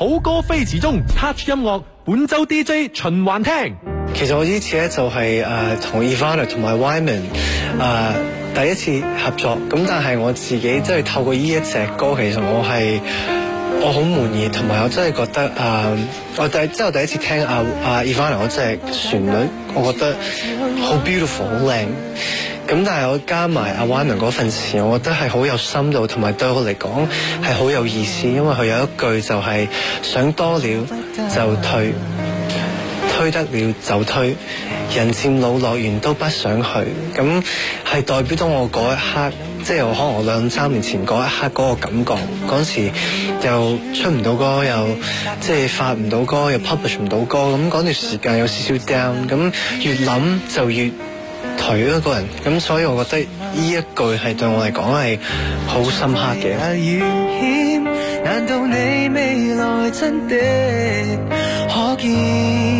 好歌非池中 Touch 音樂本周 DJ 循環聽，其實我呢次咧就係誒同 Evan 同埋 Wyman 誒、呃、第一次合作，咁但係我自己真係透過呢一隻歌，其實我係。我好滿意，同埋我真係覺得啊，嗯 uh, 我第即第一次聽阿、okay. 阿 Evan 嚟，我隻旋律我覺得好 beautiful，好靚。咁但係我加埋阿 Wyman 嗰份詞，我覺得係好、嗯嗯嗯、有深度，同埋對我嚟講係好有意思，嗯、因為佢有一句就係、是嗯、想多了，了就退。推得了就推，人漸老，樂園都不想去，咁係代表到我嗰一刻，即係可能我兩三年前嗰一刻嗰個感覺，嗰時又出唔到歌，又即係發唔到歌，又 publish 唔到歌，咁嗰段時間有少少 down，咁越諗就越頹一個人，咁所以我覺得呢一句係對我嚟講係好深刻嘅。難道你未來真的可見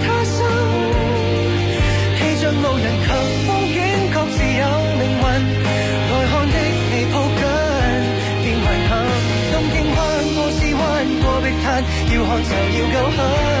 就要夠狠。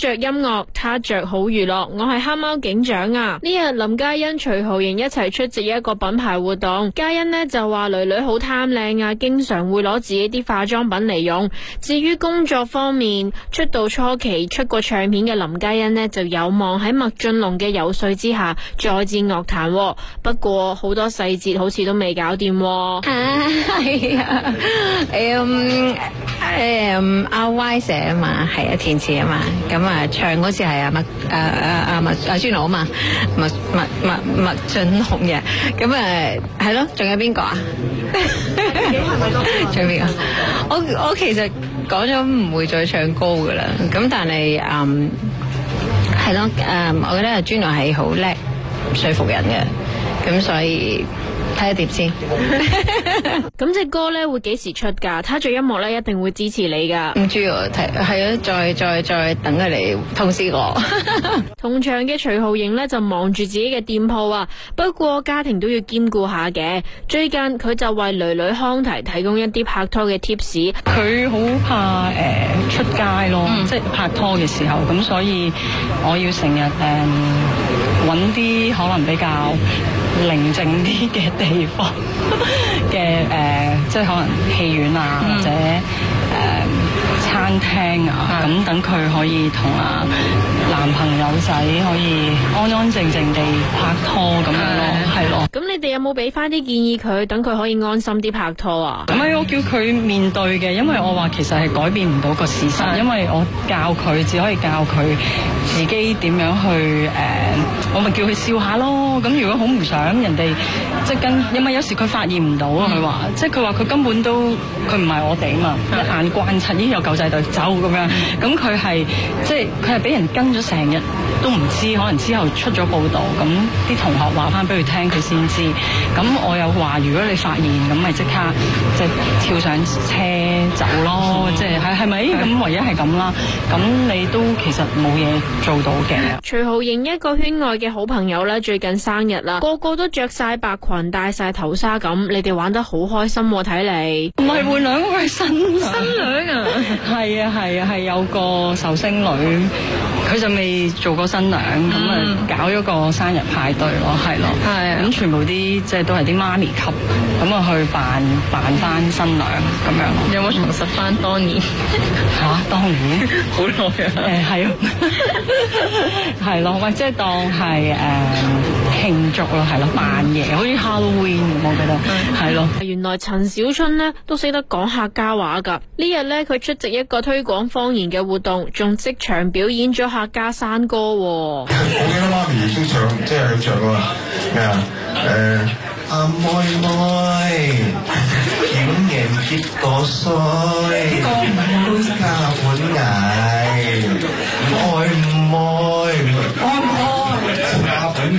着音樂，他着好娛樂，我係黑貓警長啊！呢日林嘉欣、徐濠縈一齊出席一個品牌活動，嘉欣呢就話女女好貪靚啊，經常會攞自己啲化妝品嚟用。至於工作方面，出道初期出過唱片嘅林嘉欣呢就有望喺麥浚龍嘅遊說之下再戰樂壇，啊，不過好多細節好似都未搞掂，啊。係啊，M M 阿 Y 寫啊嘛，係啊填詞啊嘛，咁唱嗰次係啊麥誒誒誒麥阿 Juno 啊嘛，麥麥麥麥俊雄嘅，咁誒係咯，仲有邊個啊？仲邊個？我我其實講咗唔會再唱歌噶啦，咁但係誒係咯誒，我覺得阿 Juno 係好叻說服人嘅，咁所以。睇下碟先。咁隻歌咧會幾時出噶？他做音樂咧一定會支持你噶。唔知喎，係，啊，再再再等佢嚟通知我。 同場嘅徐浩瑩咧就忙住自己嘅店鋪啊，不過家庭都要兼顧下嘅。最近佢就為女女康提提供一啲拍拖嘅貼士。佢好怕誒、呃、出街咯，即、嗯、係拍拖嘅時候，咁、嗯、所以我要成日誒揾啲可能比較。寧靜啲嘅地方嘅、 呃、即係可能戲院啊，嗯、或者、呃、餐廳啊，咁等佢可以同啊男朋友仔可以安安靜靜地拍拖咁樣咯，係咯。咁你哋有冇俾翻啲建議佢，等佢可以安心啲拍拖啊？咁、嗯、係，我叫佢面對嘅，因為我話其實係改變唔到個事實，因為我教佢只可以教佢自己點樣去誒。呃我咪叫佢笑下咯，咁如果好唔想人哋即係跟，因為有時佢發現唔到啊，佢、嗯、話即係佢話佢根本都佢唔係我哋啊嘛、嗯，一眼觀察已經有狗仔隊走咁樣，咁佢係即係佢係俾人跟咗成日都唔知，可能之後出咗報道，咁啲同學話翻俾佢聽，佢先知。咁我又話，如果你發現咁咪即刻即係跳上車走咯，即係係係咪？咁、就是、唯一係咁啦，咁你都其實冇嘢做到嘅。徐浩影一個圈外。我嘅好朋友咧，最近生日啦，個個都着晒白裙、戴晒頭紗咁，你哋玩得好開心喎，啊！睇嚟唔係換兩位新 新娘啊，係啊係啊，係有個壽星女。佢就未做過新娘，咁啊搞咗個生日派對咯，係咯，咁全部啲即係都係啲媽咪級，咁啊去扮扮翻新娘咁樣咯。有冇重拾翻當年？嚇、啊，當年？好 耐 啊！誒、呃，係啊，係 咯， 喂，即係當係慶祝咯，係咯，扮嘢，好似 Halloween，我覺得，係咯。原來陳小春咧都識得講客家話㗎。這天呢日咧佢出席一個推廣方言嘅活動，仲即場表演咗客家山歌，哦。 我記得媽咪經常即係唱、呃、啊咩啊？誒，阿妹妹，點樣結個碎？當唔好嫁本地。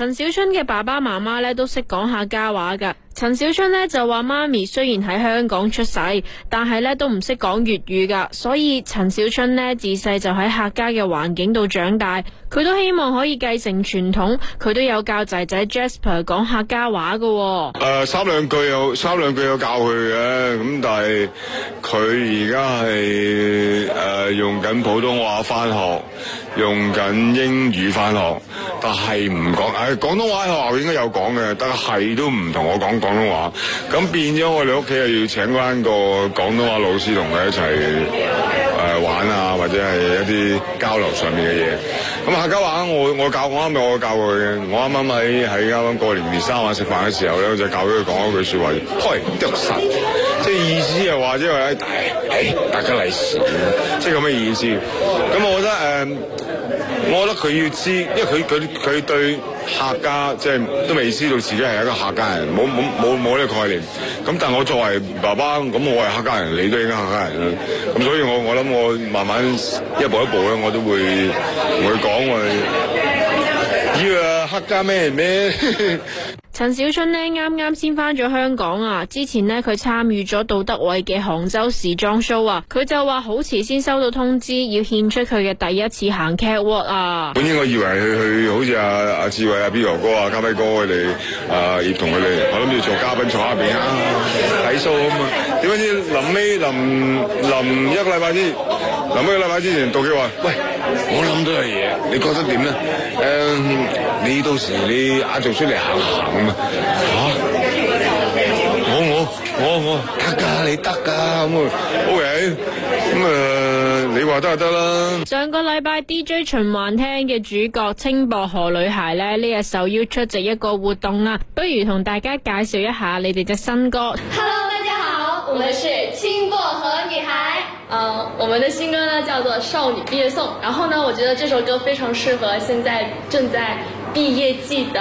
陳小春嘅爸爸媽媽咧都識講客家話噶，陳小春咧就話媽咪雖然喺香港出世，但係咧都唔識講粵語噶，所以陳小春咧自細就喺客家嘅環境度長大，佢都希望可以繼承傳統，佢都有教仔仔 Jasper 講客家話噶。誒、呃，三兩句有，三兩句有教佢嘅，咁但係佢而家係誒用緊普通話翻學，用緊英語翻學。但係唔講，誒、哎、廣東話學校應該有講嘅，但係都唔同我講廣東話，咁變咗我哋屋企又要請翻個廣東話老師同佢一齊、呃、玩啊，或者係一啲交流上面嘅嘢。咁客家話我我教我啱咪我教佢嘅，我啱啱喺喺啱啱過年二三晚食飯嘅時候咧，我就教咗佢講一句説話，喂，丟 神樂。即係意思係話，即係誒，大家利是，即係咁嘅意思。咁我覺得誒、呃，我覺得佢要知，因為佢佢佢對客家即係都未知道自己係一個客家人，冇冇冇冇呢個概念。咁但係我作為爸爸，咁我係客家人，你都應該客家人啦，咁所以我我諗我慢慢一步一步咧，我都會同佢講，我要個客家咩咩。陳小春咧啱啱先翻咗香港啊！之前咧佢參與咗杜德偉嘅杭州時裝 show 啊，佢就話好遲先收到通知，要獻出佢嘅第一次行 catwalk 啊！本應我以為佢去好似阿阿志偉、阿 B 哥啊、嘉賓哥佢哋啊，啊啊同要同佢哋我諗住做嘉賓坐下邊啊睇 show 啊嘛，點解知臨尾臨臨一個禮拜之前，臨一個禮拜之前，杜姐話喂。我諗都係嘢，你覺得點咧？誒、嗯，你到時你阿俊出嚟行行咁吓？我我我我得噶，你得噶咁啊？O K，咁啊，你話得、啊 okay? 嗯呃、就得啦、啊。上個禮拜 D J 循環聽嘅主角青薄荷女孩咧，呢日受邀出席一個活動啦、啊，不如同大家介紹一下你哋隻新歌。Hello，大家好，我們是青薄荷女孩。呃，我們的新歌呢叫做《少女畢業頌》，然後呢，我覺得這首歌非常適合現在正在畢業季的。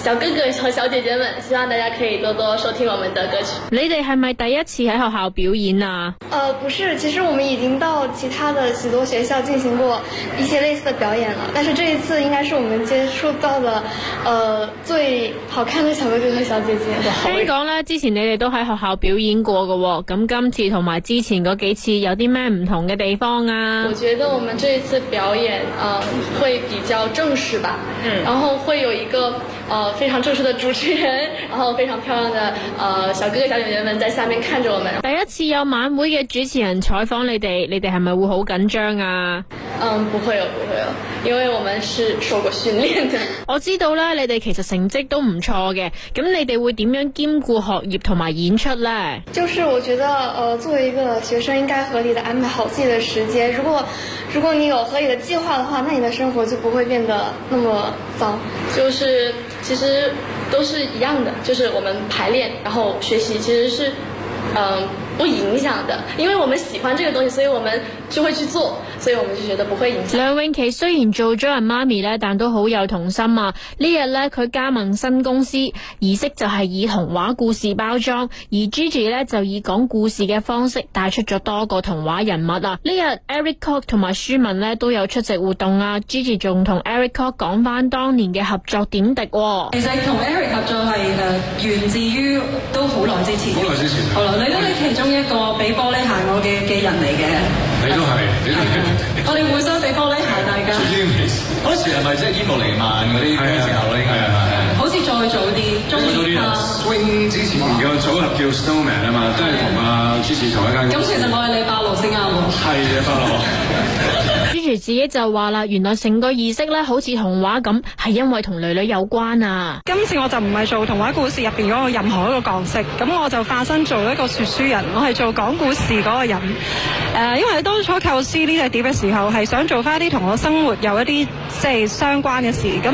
小哥哥和小姐姐們，希望大家可以多多收聽我們的歌曲。你哋係咪第一次喺學校表演啊？呃，不是，其實我們已經到其他的許多學校進行過一些類似的表演了。但是這一次應該是我們接觸到的，呃，最好看的小哥哥和小姐姐。聽講呢，之前你哋都喺學校表演過噶喎，咁今次同埋之前嗰幾次有啲咩唔同嘅地方啊？我覺得我們這一次表演，呃，會比較正式吧。嗯。然後會有一個。呃，非常正式的主持人，然後非常漂亮的，呃，小哥哥、小姐姐們在下面看着我們。第一次有晚會嘅主持人採訪你哋，你哋係咪會好緊張啊？嗯，不會咯，不會咯，因為我們是受過訓練的。 我知道啦，你哋其實成績都唔錯嘅，咁你哋會點樣兼顧學業同埋演出呢？就是我覺得，呃，作為一個學生，應該合理的安排好自己的時間。如果如果你有合理的計劃的話，那你的生活就不會變得那麼糟。就是。其實都是一樣的，就是我們排練，然後學習，其實是，嗯。不影響的，因為我們喜歡這個東西，所以我們就會去做，所以我們就覺得不會影響。梁詠琪雖然做咗人媽咪咧，但都好有童心啊！這日呢日咧佢加盟新公司儀式就係以童話故事包裝，而 Gigi 咧就以講故事嘅方式帶出咗多個童話人物啊！呢日 Eric Kwok 同埋舒文呢，都有出席活動啊！Gigi 仲同 Eric Kwok 講翻當年嘅合作點滴，哦。其實同 Eric 合作係源自於都好耐之前，之前，好耐之前。好啦，你你其中。一個俾玻璃鞋我嘅嘅人嚟嘅，你都係，啊、你都係 我哋互相俾玻璃鞋大家。主持，嗰時係咪即係煙霧瀰漫嗰啲時候咧？係啊係、啊啊，好似再早啲，再早啲 s、啊、Wing 之前個組合叫 Snowman 啊嘛、啊啊，都係同阿主持同一間。咁其實我係你八路先啱！係啊，八路。 自己就話啦，原來成個意識咧好似童話咁，係因為同女女有關啊。今次我就唔係做童話故事入邊嗰個任何一個角色，咁我就化身做一個說書人，我係做講故事嗰個人。誒、呃，因為當初構思呢隻碟嘅時候，係想做翻啲同我生活有一啲即係相關嘅事。咁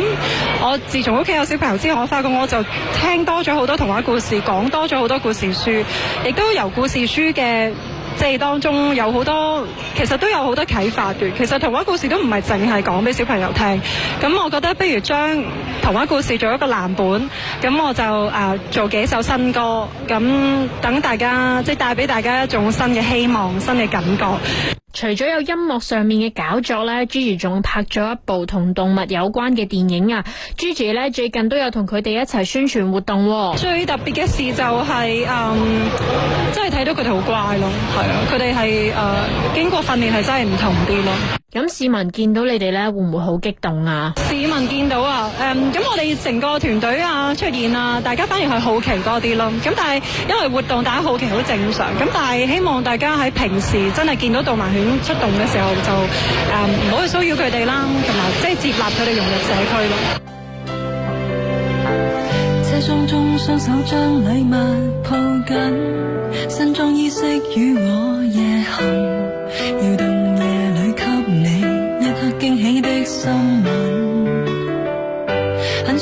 我自從屋企有小朋友之後，我發覺我就聽多咗好多童話故事，講多咗好多故事書，亦都由故事書嘅。即係當中有好多，其實都有好多啟發嘅。其實童話故事都唔係淨係講俾小朋友聽。咁我覺得不如將童話故事做一個藍本，咁我就誒、呃、做幾首新歌，咁等大家即係帶俾大家一種新嘅希望、新嘅感覺。除咗有音樂上面嘅搞作咧，Gigi 仲拍咗一部同動物有關嘅電影啊。Gigi 咧最近都有同佢哋一齊宣傳活動。最特別嘅事就係，嗯，真係睇到佢哋好乖咯。係啊，佢哋係誒經過訓練係真係唔同啲咯。咁市民見到你哋呢，會唔會好激動啊？市民見到啊，誒，咁我哋成個團隊啊出現啊，大家反而係好奇多啲咯。咁但係因為活動，大家好奇好正常。咁但係希望大家喺平時真係見到導盲犬出動嘅時候，就誒唔好去騷擾佢哋啦，同埋即係接納佢哋融入社區咯。車中雙手將禮物抱緊，新裝衣飾與我夜行。